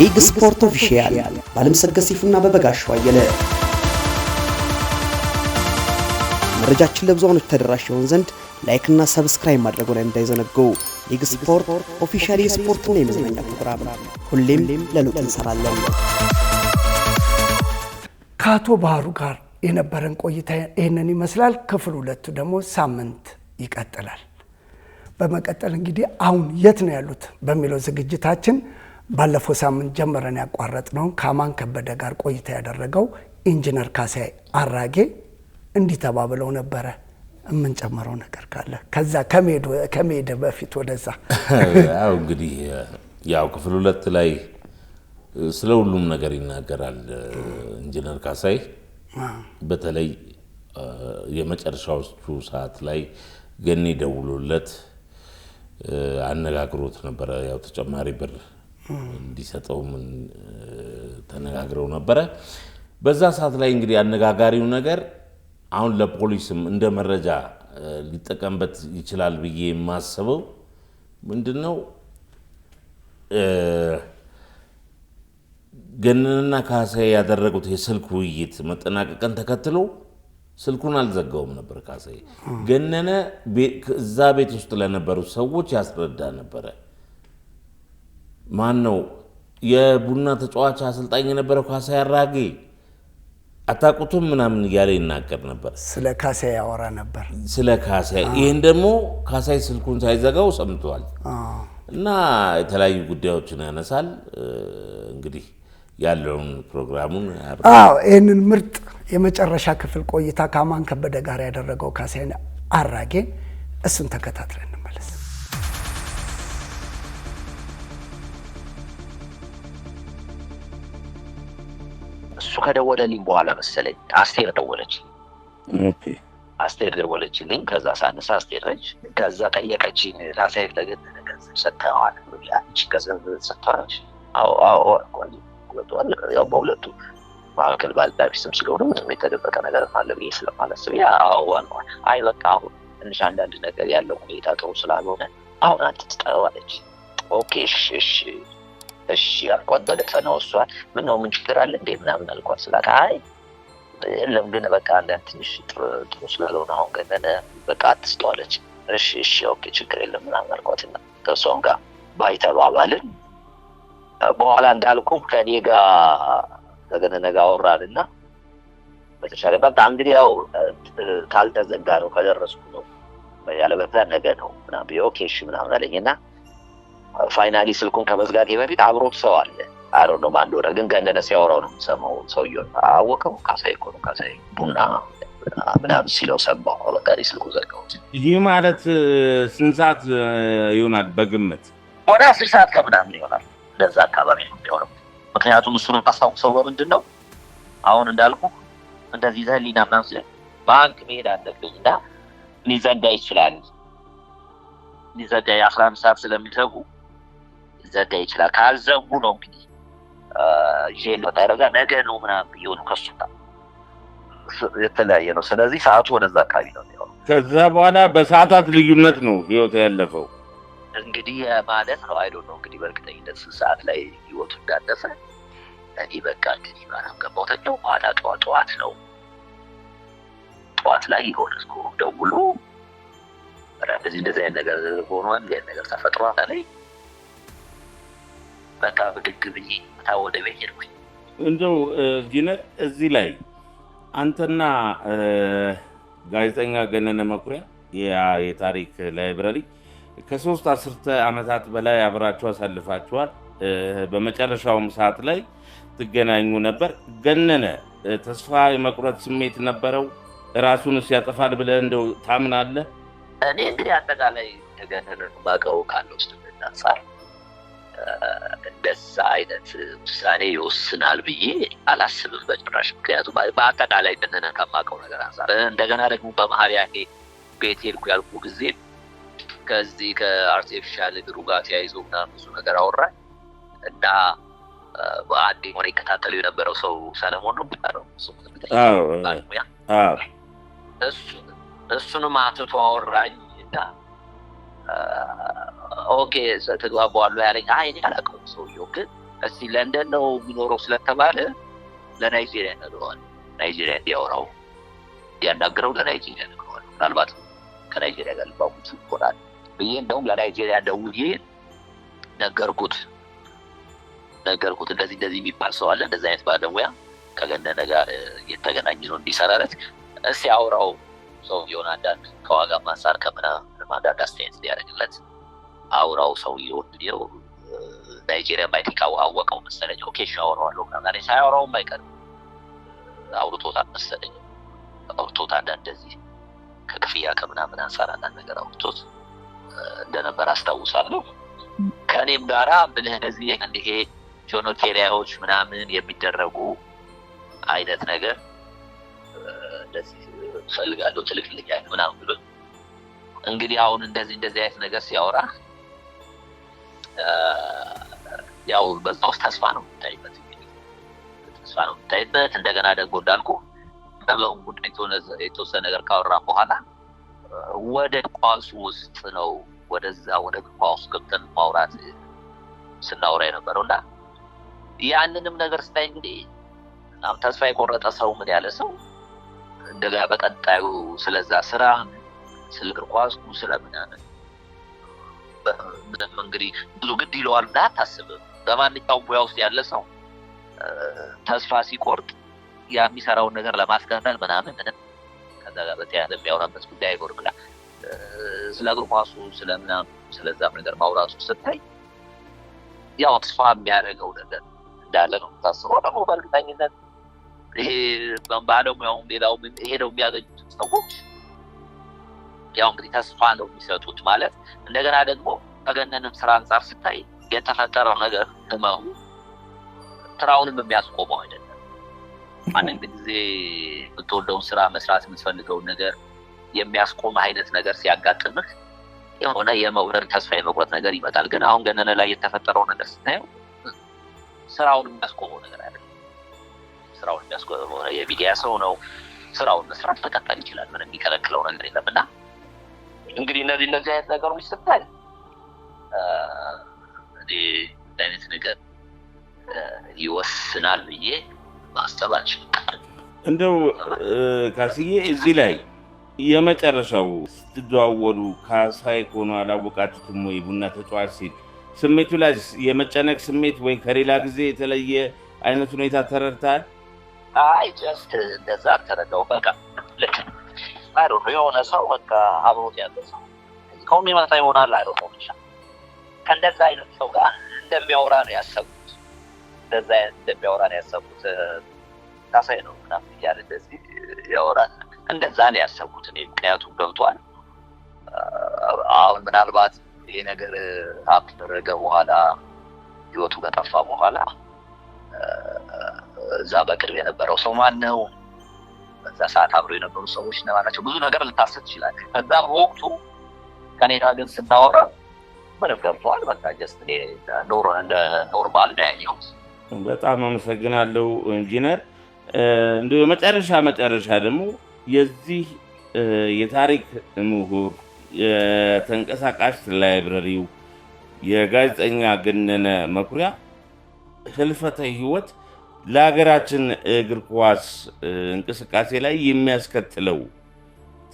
ሊግ ስፖርት ኦፊሻል ባለምሰገድ ሲፉና በበጋሻው አየለ። መረጃችን ለብዙዎች ተደራሽ ይሆን ዘንድ ላይክና ሰብስክራይብ ማድረጉ ላይ እንዳይዘነጉ። ሊግ ስፖርት ኦፊሻል የስፖርትና የመዝናኛ ፕሮግራም ሁሌም ለለውጥ እንሰራለን። ከአቶ ባህሩ ጋር የነበረን ቆይታ ይህንን ይመስላል። ክፍል ሁለቱ ደግሞ ሳምንት ይቀጥላል። በመቀጠል እንግዲህ አሁን የት ነው ያሉት በሚለው ዝግጅታችን ባለፈው ሳምንት ጀምረን ያቋረጥ ነው ከአማን ከበደ ጋር ቆይታ ያደረገው ኢንጂነር ካሳይ አራጌ እንዲህ ተባብለው ነበረ። የምንጨምረው ነገር ካለ ከዛ ከመሄደ በፊት ወደዛ ያው እንግዲህ ያው ክፍል ሁለት ላይ ስለ ሁሉም ነገር ይናገራል ኢንጂነር ካሳይ በተለይ የመጨረሻዎቹ ሰዓት ላይ ገኔ ደውሎለት አነጋግሮት ነበረ። ያው ተጨማሪ ብር እንዲሰጠውም ተነጋግረው ነበረ። በዛ ሰዓት ላይ እንግዲህ አነጋጋሪው ነገር አሁን ለፖሊስም እንደ መረጃ ሊጠቀምበት ይችላል ብዬ የማስበው ምንድን ነው ገነንና ካሳዬ ያደረጉት የስልክ ውይይት መጠናቀቅን ተከትሎ ስልኩን አልዘጋውም ነበር። ካሳዬ ገነነ እዛ ቤት ውስጥ ለነበሩ ሰዎች ያስረዳ ነበረ። ማን ነው የቡና ተጫዋች አሰልጣኝ የነበረው ካሳ ያራጌ አታቁቱም ምናምን እያለ ይናገር ነበር። ስለ ካሳ ያወራ ነበር። ስለ ካሳ ይህን ደግሞ ካሳይ ስልኩን ሳይዘጋው ሰምተዋል። እና የተለያዩ ጉዳዮችን ያነሳል። እንግዲህ ያለውን ፕሮግራሙን ይህንን ምርጥ የመጨረሻ ክፍል ቆይታ ከአማን ከበደ ጋር ያደረገው ካሳይን አራጌን እሱን ተከታትለን እሱ ከደወለልኝ በኋላ መሰለኝ አስቴር ደወለች። አስቴር ደወለችልኝ። ከዛ ሳነሳ አስቴር ነች። ከዛ ጠየቀችኝ። ራሳይል ለገደለ ገንዘብ ሰጥተዋል ች ገንዘብ ሰጥተዋለች። ያው በሁለቱ መካከል ባልና ስም ስለሆኑ ምንም የተደበቀ ነገር አለ ብዬ ስለማላስብ አይ በቃ አሁን ትንሽ አንዳንድ ነገር ያለው ሁኔታ ጥሩ ስላልሆነ አሁን አንተ ትጠዋለች። ኦኬ እሺ እሺ እሺ አልኳት። በደፈ ነው እሷ ምን ነው ምን ችግር አለ እንዴ ምናምን አልኳት። ስላት አይ የለም ግን በቃ አንዳንድ ትንሽ ጥሩ ስላልሆነ አሁን ግን በቃ አትስተዋለች። እሺ እሺ ኦኬ ችግር የለም ምናምን አልኳት። እና ከእሷም ጋር ባይተባባልን በኋላ እንዳልኩ ከኔ ጋር ተገነነ ጋር አወራን እና በተሻለ በቃ እንግዲህ ያው ካልተዘጋ ነው ከደረስኩ ነው ያለበዛ ነገ ነው ምናምን ኦኬ እሺ ምናምን አለኝና ፋይናሊ ስልኩን ከመዝጋቴ በፊት አብሮት ሰው አለ። አሮ ነው አንድ ወረ ግን ገነነ ሲያወራው ነው ሰማው። ሰውየ አወቀው። ካሳይ እኮ ነው ካሳይ ቡና ምናምን ሲለው ሰማሁ። በቃ ስልኩ ዘጋሁት። ይህ ማለት ስንት ሰዓት ይሆናል? በግምት ወደ አስር ሰዓት ከምናምን ይሆናል። ለዛ አካባቢ ነው የሚሆነው። ምክንያቱም እሱን የማስታውሰው በምንድን ነው አሁን እንዳልኩ እንደዚህ ዘህሊና ምናምን ስለ ባንክ መሄድ አለብኝ እና ሊዘጋ ይችላል። ሊዘጋ የአስራ አንድ ሰዓት ስለሚዘጉ ሊዘጋ ይችላል። ካልዘጉ ነው እንግዲህ ይሄን ወጣ ነገ ነው ምናምን ብዬ ከሱ የተለያየ ነው። ስለዚህ ሰዓቱ ወደዛ አካባቢ ነው ከዛ በኋላ በሰዓታት ልዩነት ነው ህይወት ያለፈው እንግዲህ ማለት ነው። አይዶ ነው እንግዲህ በእርግጠኝነት ስንት ሰዓት ላይ ህይወቱ እንዳለፈ እኔ በቃ እንግዲህ ማለም ገባውተኛው በኋላ ጠዋት ጠዋት ነው ጠዋት ላይ የሆነ ደውሎ እንደዚህ እንደዚህ አይነት ነገር ሆኗል፣ ነገር ተፈጥሯል አለኝ በቃ ብድግ ብዬ ታ ወደ ቤት ሄድኩኝ። እንደው ዲነ እዚህ ላይ አንተና ጋዜጠኛ ገነነ መኩሪያ የታሪክ ላይብረሪ ከሶስት አስርተ ዓመታት በላይ አብራችሁ አሳልፋችኋል። በመጨረሻውም ሰዓት ላይ ትገናኙ ነበር። ገነነ ተስፋ የመቁረጥ ስሜት ነበረው? ራሱንስ ያጠፋል ብለህ እንደው ታምናለህ? እኔ እንግዲህ አጠቃላይ ገነነ ማቀው ካለው ስንናሳል እንደዛ አይነት ውሳኔ ይወስናል ብዬ አላስብም በጭራሽ። ምክንያቱም በአጠቃላይ ደነነ ከማቀው ነገር አንጻር እንደገና ደግሞ በማህሪያኔ ቤት ሄድኩ ያልኩ ጊዜ ከዚህ ከአርቲፊሻል እግሩ ጋር ተያይዞ ና ብዙ ነገር አወራ እና አንድ ሆነ ይከታተሉ የነበረው ሰው ሰለሞን ነው ነው እሱንም አትቶ አወራኝ እና ኦኬ ተግባባዋለሁ ያለኝ አይ እኔ አላውቀውም ሰውየው ግን እስቲ ለንደን ነው የሚኖረው ስለተባለ ለናይጄሪያ ነግረዋል። ናይጄሪያ እንዲያወራው እንዲያናግረው ለናይጄሪያ ነግረዋል። ምናልባት ከናይጄሪያ ጋር ልባቁት ይሆናል ብዬ እንደውም ለናይጄሪያ ደውዬ ነገርኩት ነገርኩት እንደዚህ እንደዚህ የሚባል ሰው አለ እንደዚህ አይነት ባለሙያ ከገነነ ጋር የተገናኝ ነው እንዲሰራለት እስቲ አውራው ሰው የሆነ አንዳንድ ከዋጋ ማንሳር ከምና አንዳንድ አስተያየት ሊያደርግለት አውራው ሰው እንዲው ናይጄሪያ ማይቲካ አወቀው መሰለኝ። ኦኬ እሺ አወራዋለሁ ምናምን ሳያወራውም አይቀርም አውርቶታ መሰለኝ። አውርቶታል እንደዚህ ከክፍያ ከምናምን አንሳር አንዳንድ ነገር አውርቶት እንደነበር አስታውሳለሁ። ከእኔም ጋራ ብልህ እንደዚህ ይሄ ጆኖቴሪያዎች ምናምን የሚደረጉ አይነት ነገር እንደዚህ ፈልጋለሁ ትልቅ ልቅ ምናምን ብሎ እንግዲህ አሁን እንደዚህ እንደዚህ አይነት ነገር ሲያወራ ያው በዛ ውስጥ ተስፋ ነው የምታይበት ተስፋ ነው የምታይበት እንደገና ደግሞ እንዳልኩ የተወሰነ ነገር ካወራ በኋላ ወደ ኳሱ ውስጥ ነው ወደዛ ወደ ኳሱ ገብተን ማውራት ስናወራ የነበረው እና ያንንም ነገር ስታይ እንግዲህ በጣም ተስፋ የቆረጠ ሰው ምን ያለ ሰው እንደገና በቀጣዩ ስለዛ ስራ ስለ እግር ኳሱ ስለምናምን ምንም እንግዲህ ብዙ ግድ ይለዋል እና አታስብም። በማንኛውም ሙያ ውስጥ ያለ ሰው ተስፋ ሲቆርጥ የሚሰራውን ነገር ለማስቀጠል ምናምን ምንም ከዛ ጋር በተያያዘ የሚያወራበት ጉዳይ አይኖርም ና ስለ እግር ኳሱ ስለምና ስለዛም ነገር ማውራቱ ስታይ ያው ተስፋ የሚያደርገው ነገር እንዳለ ነው ታስበው ደግሞ በእርግጠኝነት ይሄ ባለሙያውም ሌላውም ሄደው የሚያገኙት ሰዎች ያው እንግዲህ ተስፋ ነው የሚሰጡት ማለት እንደገና ደግሞ ከገነንም ስራ አንጻር ስታይ የተፈጠረው ነገር ህመሙ ስራውንም የሚያስቆመው አይደለም። አንድ ጊዜ የምትወደውን ስራ መስራት የምትፈልገውን ነገር የሚያስቆም አይነት ነገር ሲያጋጥምህ የሆነ የመውረድ ተስፋ የመቁረጥ ነገር ይመጣል። ግን አሁን ገነነ ላይ የተፈጠረው ነገር ስታየው ስራውን የሚያስቆመው ነገር አይደለም። ስራውን የሚያስቆመው የሚዲያ ሰው ነው። ስራውን መስራት መቀጠል ይችላል። ምንም የሚከለክለው ነገር የለም እና እንግዲህ እነዚህ እነዚህ አይነት ነገሮች ስታይ አይነት ነገር ይወስናል ብዬ ማሰብ እንደው ካስዬ እዚህ ላይ የመጨረሻው ስትደዋወሉ ካሳይ ከሆኑ አላወቃችሁትም ወይ ቡና ተጫዋች ሲል ስሜቱ ላይ የመጨነቅ ስሜት ወይ ከሌላ ጊዜ የተለየ አይነት ሁኔታ ተረድታል? አይ ጀስት እንደዛ ተረዳው በቃ አይደው የሆነ ሰው በቃ አብሮት ያለ ሰው ከሁም የመጣ ይሆናል አይደው ብቻ ከእንደዛ አይነት ሰው ጋር እንደሚያወራ ነው ያሰቡት። እንደዛ አይነት እንደሚያወራ ነው ያሰቡት። ታሳይ ነው ምናምን እያለ እንደዚህ ያወራል። እንደዛ ነው ያሰቡት። እኔ ምክንያቱም ገብቷል። አሁን ምናልባት ይሄ ነገር ካደረገ በኋላ ህይወቱ ከጠፋ በኋላ እዛ በቅርብ የነበረው ሰው ማን ነው በዛ ሰዓት አብሮ የነበሩ ሰዎች ነባ ናቸው። ብዙ ነገር ልታስብ ይችላል። ከዛ በወቅቱ ከኔ ጋር ግን ስናወራ ምንም ገብተዋል። በቃ ጀስት ኖርማል ነው ያየሁት። በጣም አመሰግናለሁ ኢንጂነር። እንዲ መጨረሻ መጨረሻ ደግሞ የዚህ የታሪክ ምሁር የተንቀሳቃሽ ላይብረሪው የጋዜጠኛ ገነነ መኩሪያ ህልፈተ ህይወት ለሀገራችን እግር ኳስ እንቅስቃሴ ላይ የሚያስከትለው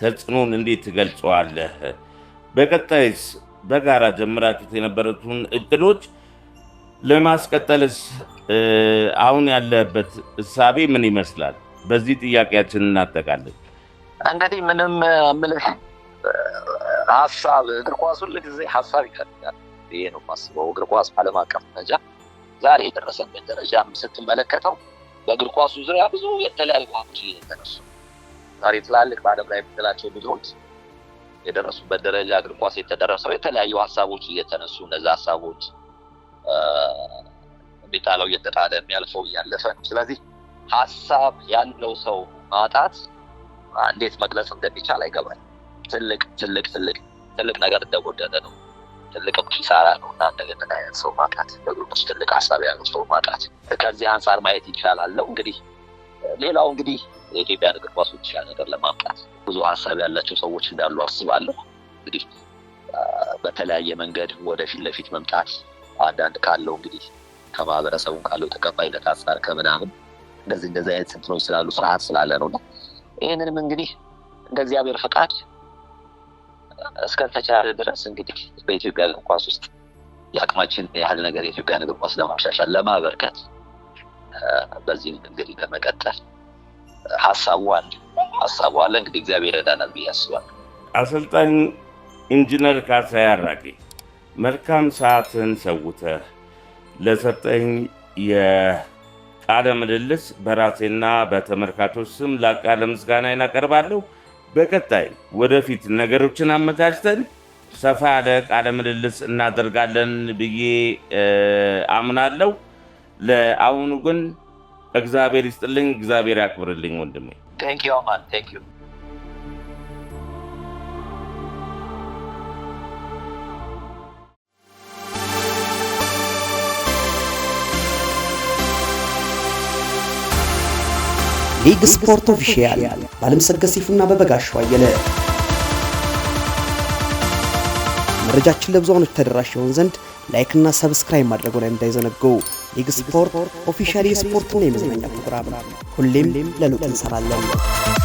ተጽዕኖን እንዴት ትገልጸዋለህ? በቀጣይስ በጋራ ጀምራችሁት የነበረቱን እቅዶች ለማስቀጠልስ አሁን ያለበት እሳቤ ምን ይመስላል? በዚህ ጥያቄያችን እናጠቃለን። እንግዲህ ምንም የምልህ ሀሳብ እግር ኳስ ሁልጊዜ ሀሳብ ይቀድጋል ይሄ ነው የማስበው። እግር ኳስ ዓለም አቀፍ ደረጃ ዛሬ የደረሰበት ደረጃ ስትመለከተው በእግር ኳሱ ዙሪያ ብዙ የተለያዩ ሀብቶች እየተነሱ ዛሬ ትላልቅ በአለም ላይ የምትላቸው ቡድኖች የደረሱበት ደረጃ እግር ኳስ የተደረሰው የተለያዩ ሀሳቦች እየተነሱ እነዚ ሀሳቦች የሚጣለው እየተጣለ የሚያልፈው እያለፈ ነው። ስለዚህ ሀሳብ ያለው ሰው ማጣት እንዴት መግለጽ እንደሚቻል አይገባል። ትልቅ ትልቅ ትልቅ ትልቅ ነገር እንደጎደለ ነው። ትልቅ ኪሳራ ነው እና እንደገና አይነት ሰው ማጣት በግሩፕ ውስጥ ትልቅ ሀሳብ ያለው ሰው ማጣት ከዚህ አንጻር ማየት ይቻላለው። እንግዲህ ሌላው እንግዲህ የኢትዮጵያ እግር ኳስ የተሻለ ነገር ለማምጣት ብዙ ሀሳብ ያላቸው ሰዎች እንዳሉ አስባለሁ። እንግዲህ በተለያየ መንገድ ወደፊት ለፊት መምጣት አንዳንድ ካለው እንግዲህ ከማህበረሰቡ ካለው ተቀባይነት አንጻር ከምናምን እንደዚህ እንደዚህ አይነት ስንትኖች ስላሉ ስርዓት ስላለ ነው ይህንንም እንግዲህ እንደ እግዚአብሔር ፈቃድ እስከተቻለ ድረስ እንግዲህ በኢትዮጵያ እግር ኳስ ውስጥ የአቅማችን ያህል ነገር የኢትዮጵያ እግር ኳስ ለማሻሻል ለማበርከት፣ በዚህ እንግዲህ ለመቀጠል ሀሳቡ አለ ሀሳቡ አለ። እንግዲህ እግዚአብሔር ይረዳናል ብዬ አሰልጣኝ ኢንጂነር ካሳ አራጌ መልካም ሰዓትን ሰውተህ ለሰጠኝ የቃለ ምልልስ በራሴና በተመልካቾች ስም ላቅ ምስጋና ይናቀርባለሁ። በቀጣይ ወደፊት ነገሮችን አመቻችተን ሰፋ ያለ ቃለ ምልልስ እናደርጋለን ብዬ አምናለሁ። ለአሁኑ ግን እግዚአብሔር ይስጥልኝ፣ እግዚአብሔር ያክብርልኝ ወንድሜ። ሊግ ስፖርት ኦፊሻል ባለምሰገድ ሲፉና በበጋሻው አየለ። መረጃችን ለብዙዎች ተደራሽ ይሆን ዘንድ ላይክ እና ሰብስክራይብ ማድረጉ ላይ እንዳይዘነጉ። ሊግ ስፖርት ኦፊሻል የስፖርትና የመዝናኛ ፕሮግራም ሁሌም ለለውጥ እንሰራለን።